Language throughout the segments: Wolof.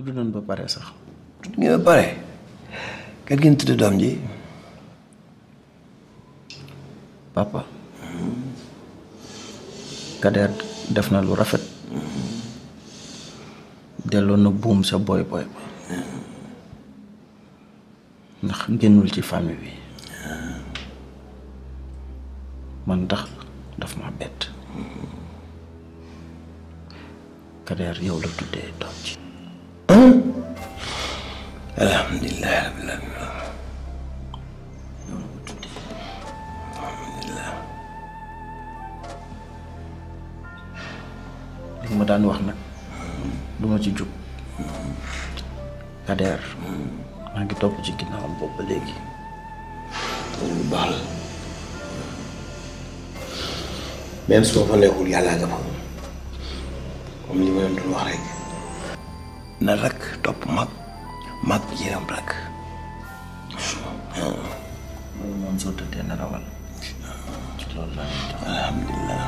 tuddu nañ ba pare sax tuddu ñu ba pare kan gën tuddu dom ji papa kader def na lu rafet delo na boom sa boy boy ba ndax gënul ci famille bi man tax daf ma bet kader yow la tuddé dom ji الحمد لله رب العالمين li ma daan wax nag du ma ci jub Kader maa ngi topp ci ginnaawam boobu ba léegi loolu baax la même su ma fa nekkul yàlla nga fa comme li ma leen doon wax rek na rek topp mag mag yéen blank loolu moom soo tëddee na rawal loolu laa alhamdulilah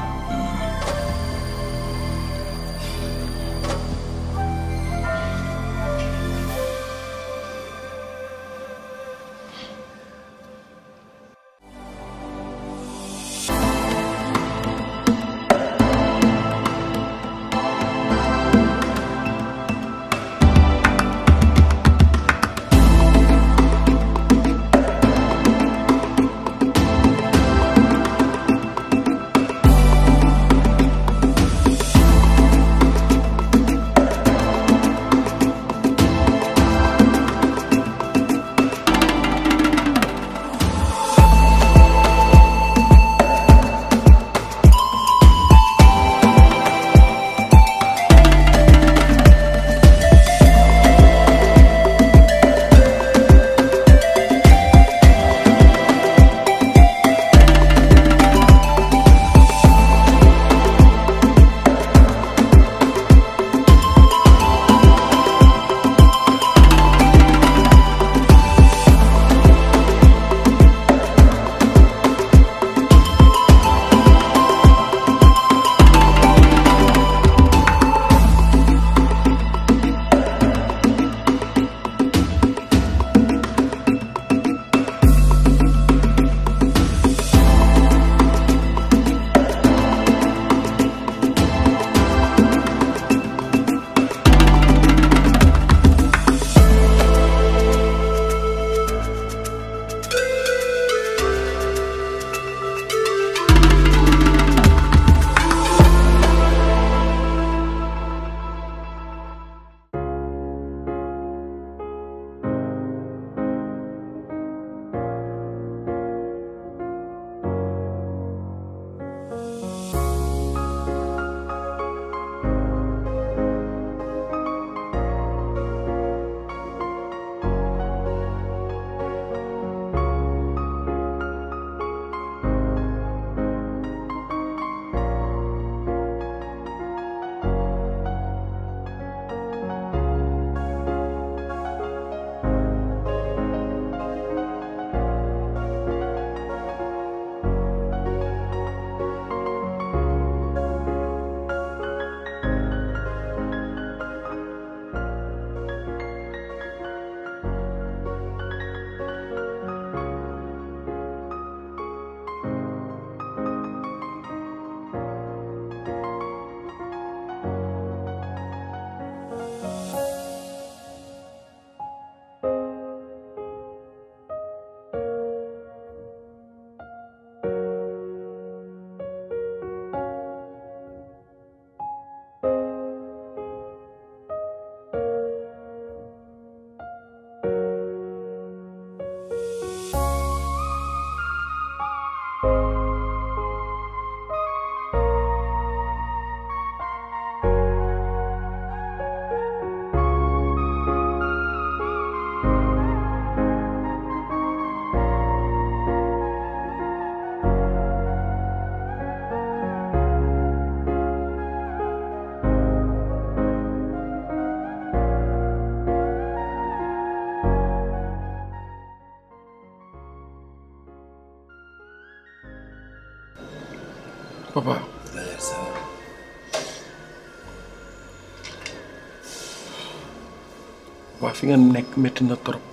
waa fi ngeen nekk métti na trop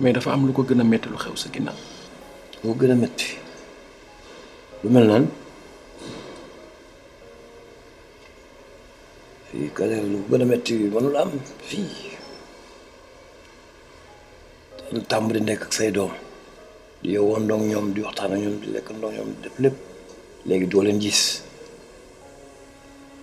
mais dafa am lu ko gën a metti lu xew sa ginnaaw. lu gën a metti lu mel naan fii galère lu gën a métti mënul am fii dañu tàmbali nekk ak say doom di yow wandoog ñoom di waxtaan ak ñoom di lekk ndoog ñoom def lépp léegi doo leen gis.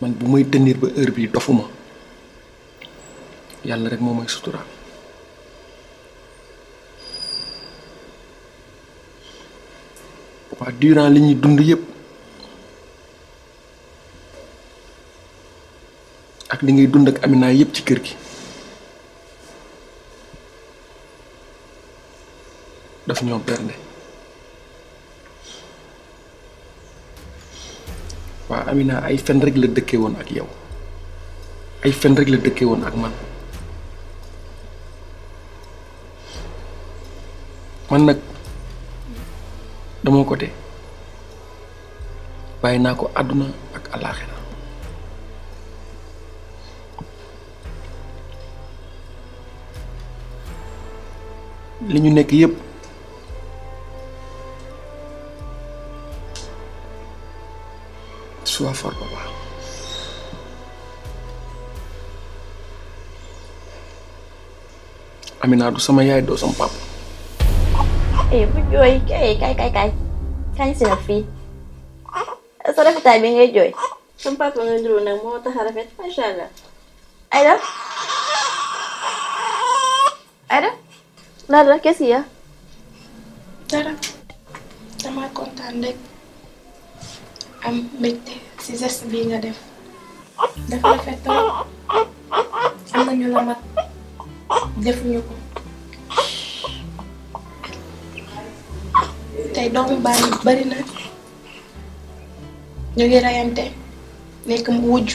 man bu may tenir ba heure bii dofuma yàlla rek moo may sutura waa durant li ñuy dund yépp ak li ngay dund ak Amina yépp ci kër gi daf ñoo bernde waa Amina ay fen rek la dëkkee woon ak yow ay fen rek la dëkke woon ak man man nag dama ko te bàyyi naa ko àdduna ak àllaaxira li ñu nekk yépp Sois fort, papa. Amina du sama yaay doo sama papa. Eh, bu jooy kay kay kay kay kañ si nag fii sa rafetaay bi ngay jooy. sama nga niroo nag moo tax rafet macha allah. Aïda Aïda. lan la quest kontaan am mbégte. ci geste bii nga def dafa rafet trop am na ñu la mat defuñu ko tey doomu baay bari na ñu ngi reyante nekk mu wujj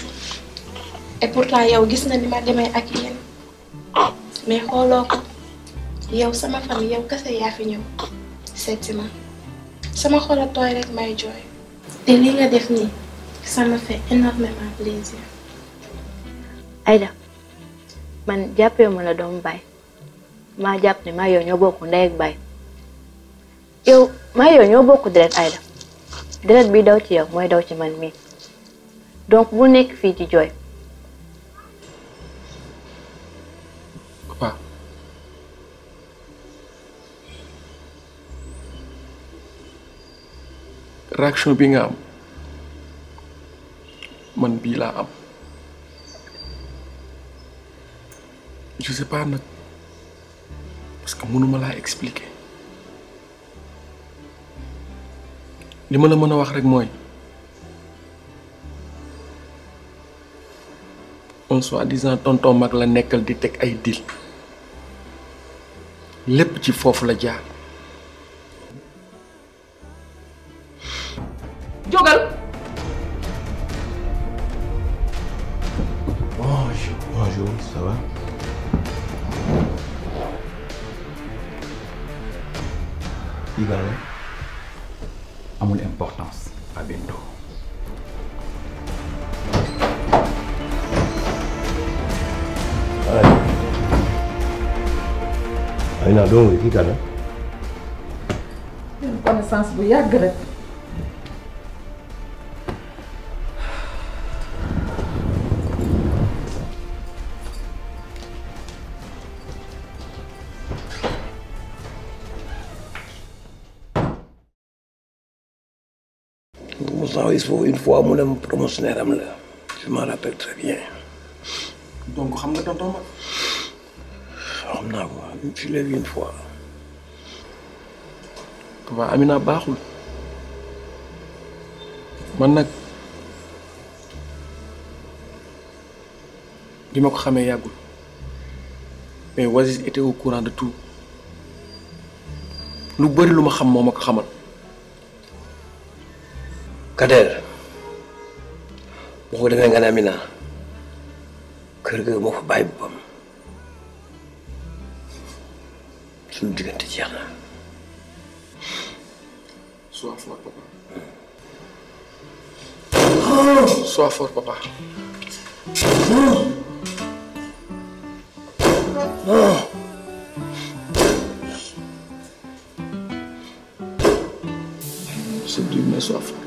et pourtant yow gis na ni ma demee ak yéen mais xooloo ko yow sama famille yow kase yaa fi ñëw seet ma sama xol a tooy rek may jooy te li nga def nii Ça me fait énormément plaisir. Aïda, man jàppee ma la doom baay maa jàpp ne maa yow ñoo bokk ndey ak baay yow maa yow ñoo bokk deret Aïda deret bi daw ci yow mooy daw ci man mii donc bu nekk fii ci jooy. réaction bi nga am man bii laa am je sais pas nak. parce que mënuma laa expliquer li ma la wax rek moy. on soit disant tonton mak la nekkal di tek ay dil Lepp ci fofu la jaar a une importance à bientôt à non, Tu a une connaissance a yàgg service foofu une fois mu promotionnaire am la je m'en rappelle très bien. donc xam nga tonton Mag. xam naa ko vu une fois. waaw bah, Amina baxul man nak bi ma ko xamee mais wasis était au courant de tout lu bëri luma ma xam moo ma ko xamal. Kader boo ko defee nga ne Amina kër ga moo fa bàyyi boppam suñu sois fort papa. Hmm. sois fort papa. non. Hmm. Hmm. c'est dur mais sois fort.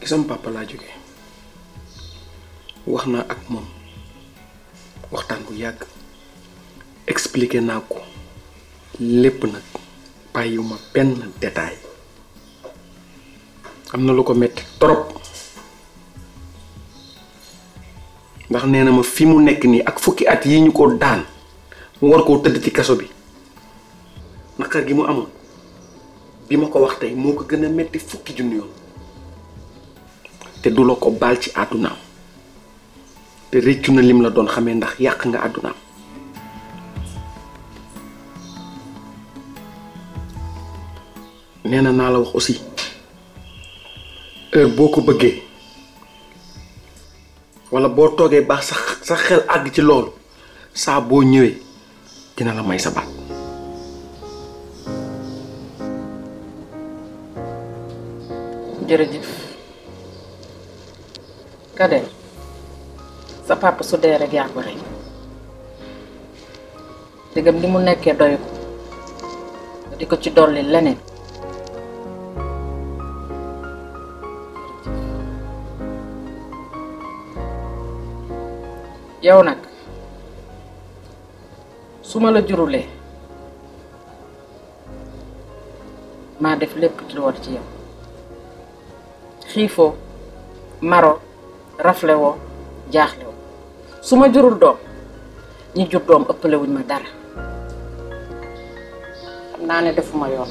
Isam papa laju ke. wax naa ak moom waxtaan bu yàgg expliqué naa ko lépp am metti trop ndax nee ma fi mu ak fukki at yi ñu ko daan mu war koo tëdd ci kaso bi naqar gi mu amoon bima ko wax te du loko bal ci aduna te reccu na lim la doon xamee ndax yak nga aduna nee na la wax aussi heure boko beugé wala bo togué baax sa sa xel ag ci lool sa bo ñëwé dina la may sa baat jërëjëf Kader sa papa su dere gi yaa ko rey dëggam li mu nekkee ya doy ko di ko ci dolli leneen yow ya nag su ma la jurulee maa def ci war ci yow maro raflé wo jaxlé wo suma jurul dom ñi jur dom ëppalé wuñ ma dara xam naa defuma yoon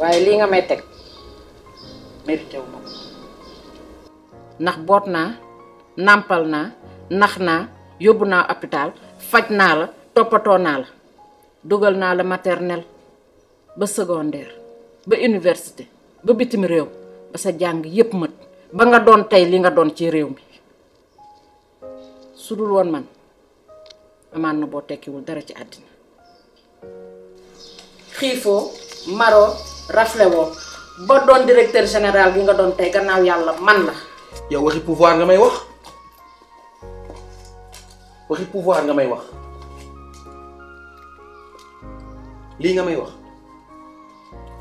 waye li nga may tek mérité wu ma hôpital fajna la topato na la dugal na la maternel ba secondaire ba université ba bitim rew ba sa jang yep ba nga doon tey li nga doon ci réew mi su dul woon man amaan na boo tekkiwul dara ci àddina xiifoo maroo raflewoo ba doon directeur général bi nga doon tey gannaaw yàlla man la yow waxi pouvoir nga may wax waxi pouvoir nga may wax lii nga may wax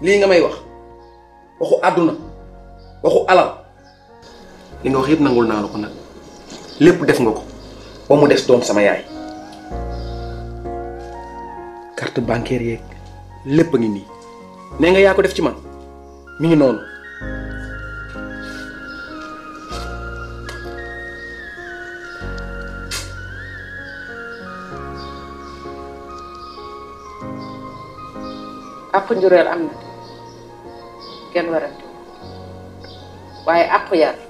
lii nga may wax waxu àdduna waxu alal li nga wax yëpp nangul naa la ko nag lépp def nga ko ba mu des doom sama yaay carte bancaire yeeg lépp ngi nii ne nga yaa ko def ci man mi ngi noonu àpp njureel am na kenn warante waaye àpp yàlla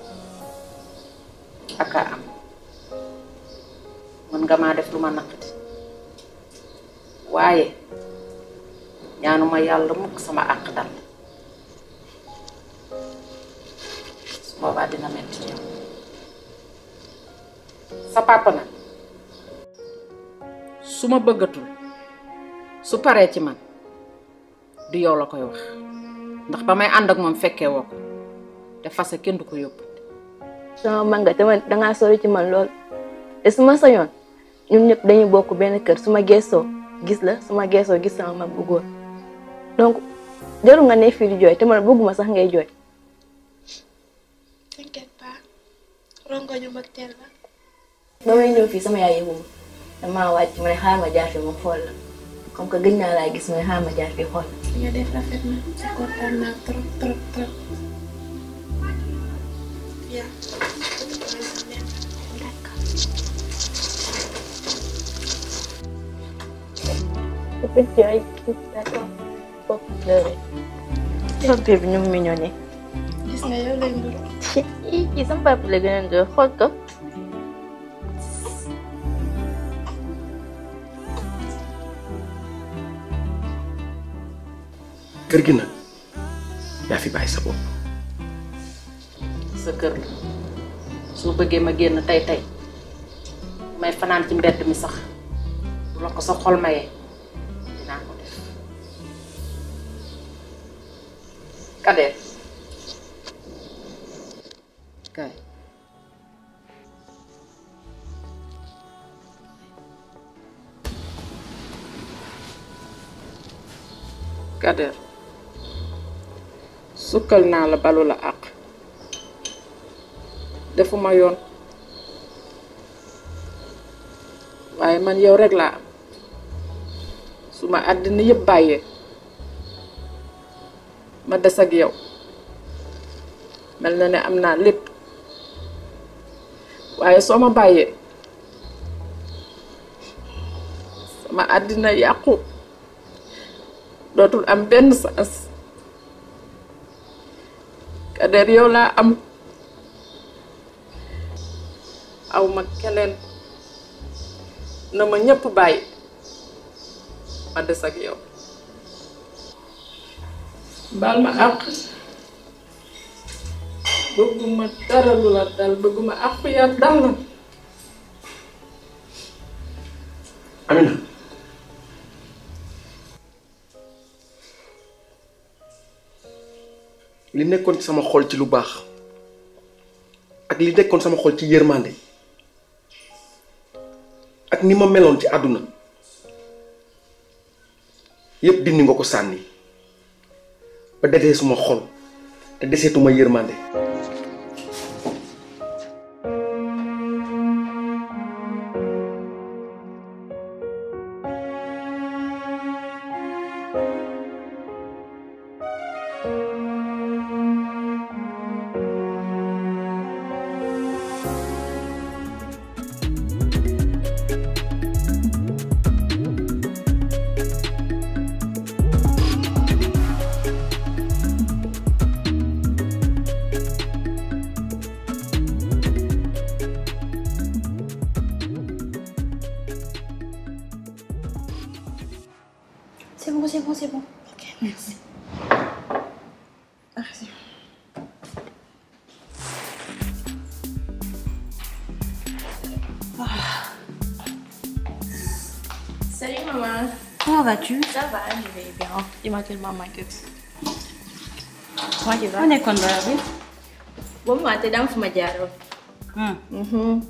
ak am mën nga maa def lu ma naqati waaye ñaanuma yàlla mukk sama àq dal su boobaa dina metti sa papa nag su ma bëggatul su paree ci man du yow la koy wax ndax ba may ànd ak moom fekkee woo ko te fase kenn du ko yóbbu sama man nga te man dangaa sori ci man lool te su ma sañoon ñun ñëpp dañu bokk benn kër su ma geesoo gis la su ma geesoo gis sama mag bu góor donc jaru nga ne fii di jooy te man bëgguma sax ngay jooy. t'inquiète pas rongo ñëw fii sama yaay yëgu ma damaa wàcc ma ne xaaral ma jaar fi moom xool la comme que gëj naa laa gis ma ne xaaral ma jaar xool na kontaan Iya. Kerjina, Ya fi bahis sabun sa kër la soo bëggee ma génn tey tey may fanaan ci mbedd mi sax bu la ko sa xol mayee dinaa ko def Kader kay Kader sukkal naa la balu la àq defuma yoon waaye man yow rek laa am su ma àddina yëpp bàyyee ma des ak yow mel na ne am naa lépp waaye soo ma bàyyee sama àddina yàqu dootul am benn sens kader yow laa am aw ma keneen na ma ñëpp bàyyi ma des ak yow bal ma àq bëgguma dara lu la dal bëgguma àq yaa dal na Amina li nekkoon sama xol ci lu baax ak li nekkoon sama xol ci yërmande ak ni ma meloon ci àdduna yëpp dindi nga ko sànni ba defee suma xol te deseetuma yërmande tu Ça va, je vais bien. Il m'a tellement manqué. tu vas On est bien. Bon, moi, t'es dans ma diarrhée. Hum. Mhm.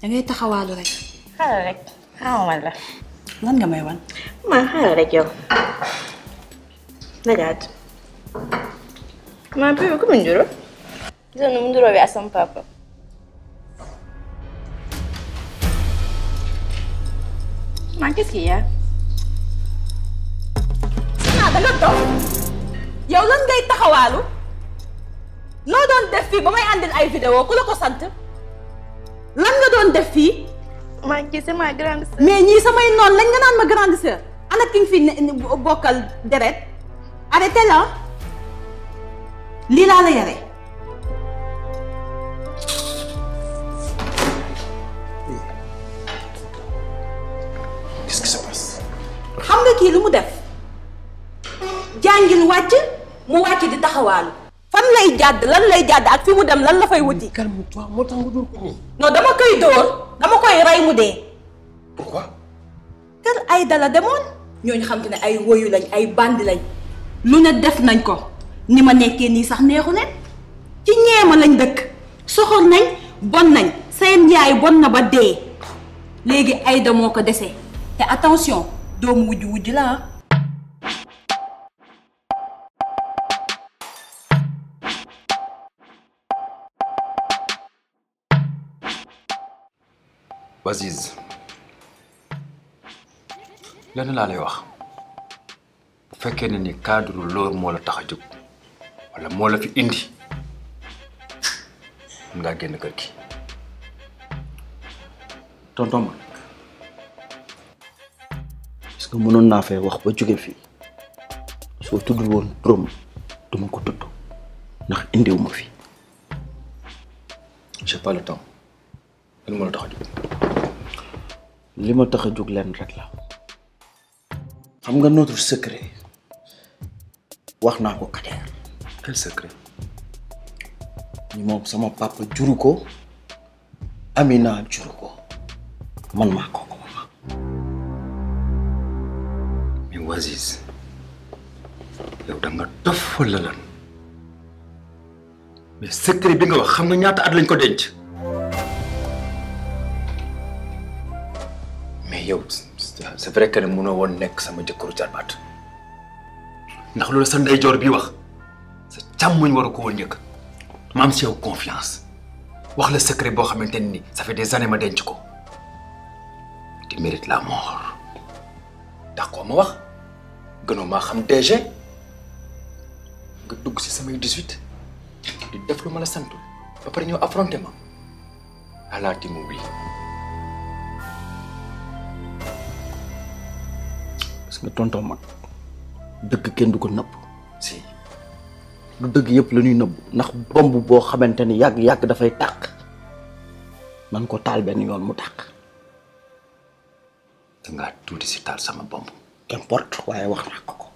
tu ngay taxawaalu la Xaaral rek. Xaaral ma la. Lan nga may wan? Ma xaaral rek yow. Najaat. Ma bébé, comme nduro. Je nga bi mon papa. Ma qu'est-ce qu'il y a? da nga dox yow lan ngay taxawaalu loo doon def fii ba may àndil ay vidéo ku la ko sant lan nga doon def fii. maa ngi sama grande sœur. mais ñii samay noonu lañ nga naan ma grande sœur ana ki nga fi bokkal deret arrêté la lii laa la yare xam nga kii lu mu def. ngeen wàcc mu di taxawaalu fan lay jàdd lan lay jàdd ak fi mu dem lan la fay wuti. calme-toi moo tax nga dóor koy dóor dama koy rey mu dee. pourquoi. ay dala demoon. ñooñu xam ne ay woyu lañ ay bandi lañ. lu ne def nañ ko ni ma nekkee nii sax neexu leen ci ñeema lañ dëkk soxor nañ bon nañ seen yaay bon na ba dee léegi Aïda moo ko dese te attention doomu wujj wujj la ah. وزيز لن لا لي واخ فكان ني كادر لور مولا تخجب ولا مولا في اندي من دا ген كركي تونتوم اسكو مونون نا في واخ با جوغي في سو تودول وون بروم دوما كو تودو ناخ اندي وما في جي با لو تام انا مولا تخجب li ma tax a jóg leen rek la xam nga notre secret wax naa ko Kader. quel ñu moom sama papa juru ko Amina juru ko man maa ko ko ma. mais Waziz yow da nga dof lan mais secret bi nga wax xam nga ñaata at lañ ko denc. yow c'est vrai que ne mënoo woon nekk sama jëkkëru jarbaat ndax loolu sa ndeyjoor bii wax sa càmmuñ waru ko woon njëkk ma am si yow confiance wax la secret boo xamante ni ça fait des années ma denc ko tu mérites la mort ndax koo ma wax gënoo xam DG nga dugg si samay 18 di def lu ma la santu ba pare ñëw affronté ma alaati mu nga tonton mak deug kenn du ko si du deug yep la ñuy nëbb ndax bomb bo xamanteni yag yag da fay tak man ko tal ben yoon mu da nga tuti ci tal sama bomb qu'importe waye wax nak ko ko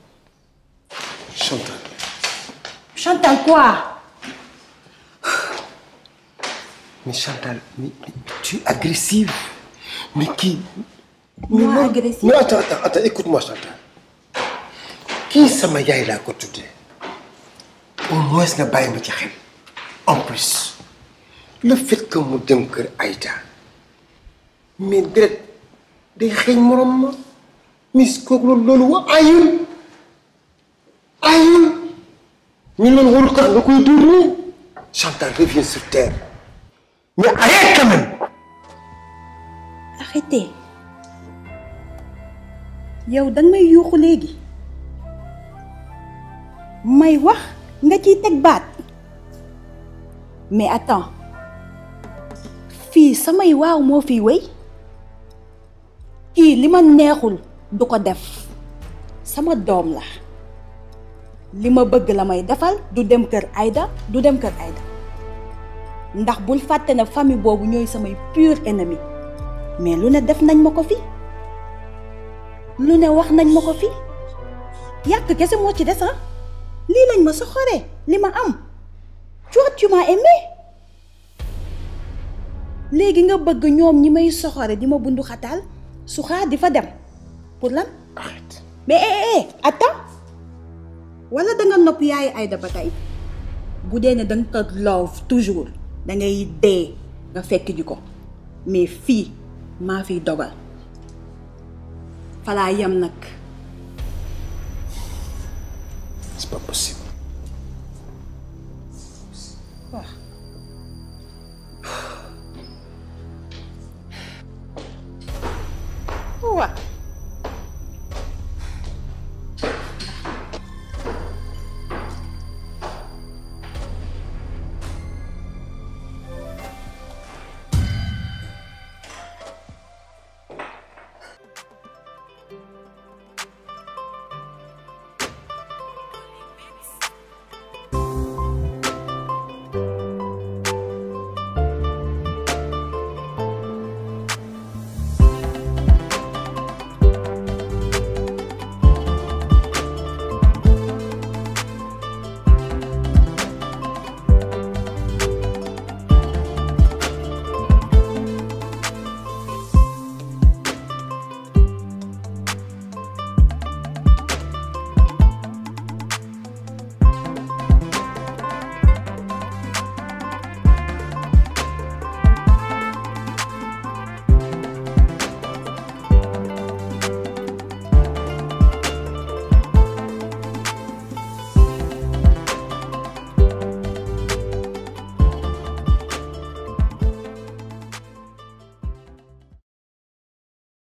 chantal chantal quoi mais chantal mais, mais tu es agressive mais qui non agressif non attends attends écoute-moi Chantal kii sama yaay laa ko tuddee au moins nga bàyyi ma ci en plus le fait mu dem kër Aïda mais deret day xeeñ morom ma mis kooku wa ayul ayul ñu loolu warul tax nga koy dóor nii Chantal revient terre mais arrête quand yow danga may yuuxu léegi may wax nga ciy teg baat mais attends fii samay waaw moo fiy wéy kii li ma neexul du ko def sama doom la li ma bëgg la may defal du dem kër ayda du dem kër Aïda ndax bul fàtte ne famille boobu ñooy samay pur ennemi mais lu ne def nañ ma ko fi lu ne wax nañ ma ko fi yàq kese moo ci des ah lii lañ ma soxoree li ma am toi tu m'as aimé léegi nga bëgg ñoom ñi may soxore di ma bundu xataal su xaar di fa dem pour lan mais eh, eh eh attends wala da nopp yaayu Aïda ba tey bu ne da nga ko love toujours dangay ngay dee nga fekk ji ko mais fii maa fiy dogal falaa yem nag c'est pas possible